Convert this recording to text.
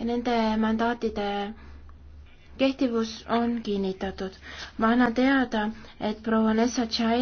ja nende mandaatide kehtivus on kinnitatud. ma annan teada, et proua Nessa Tšai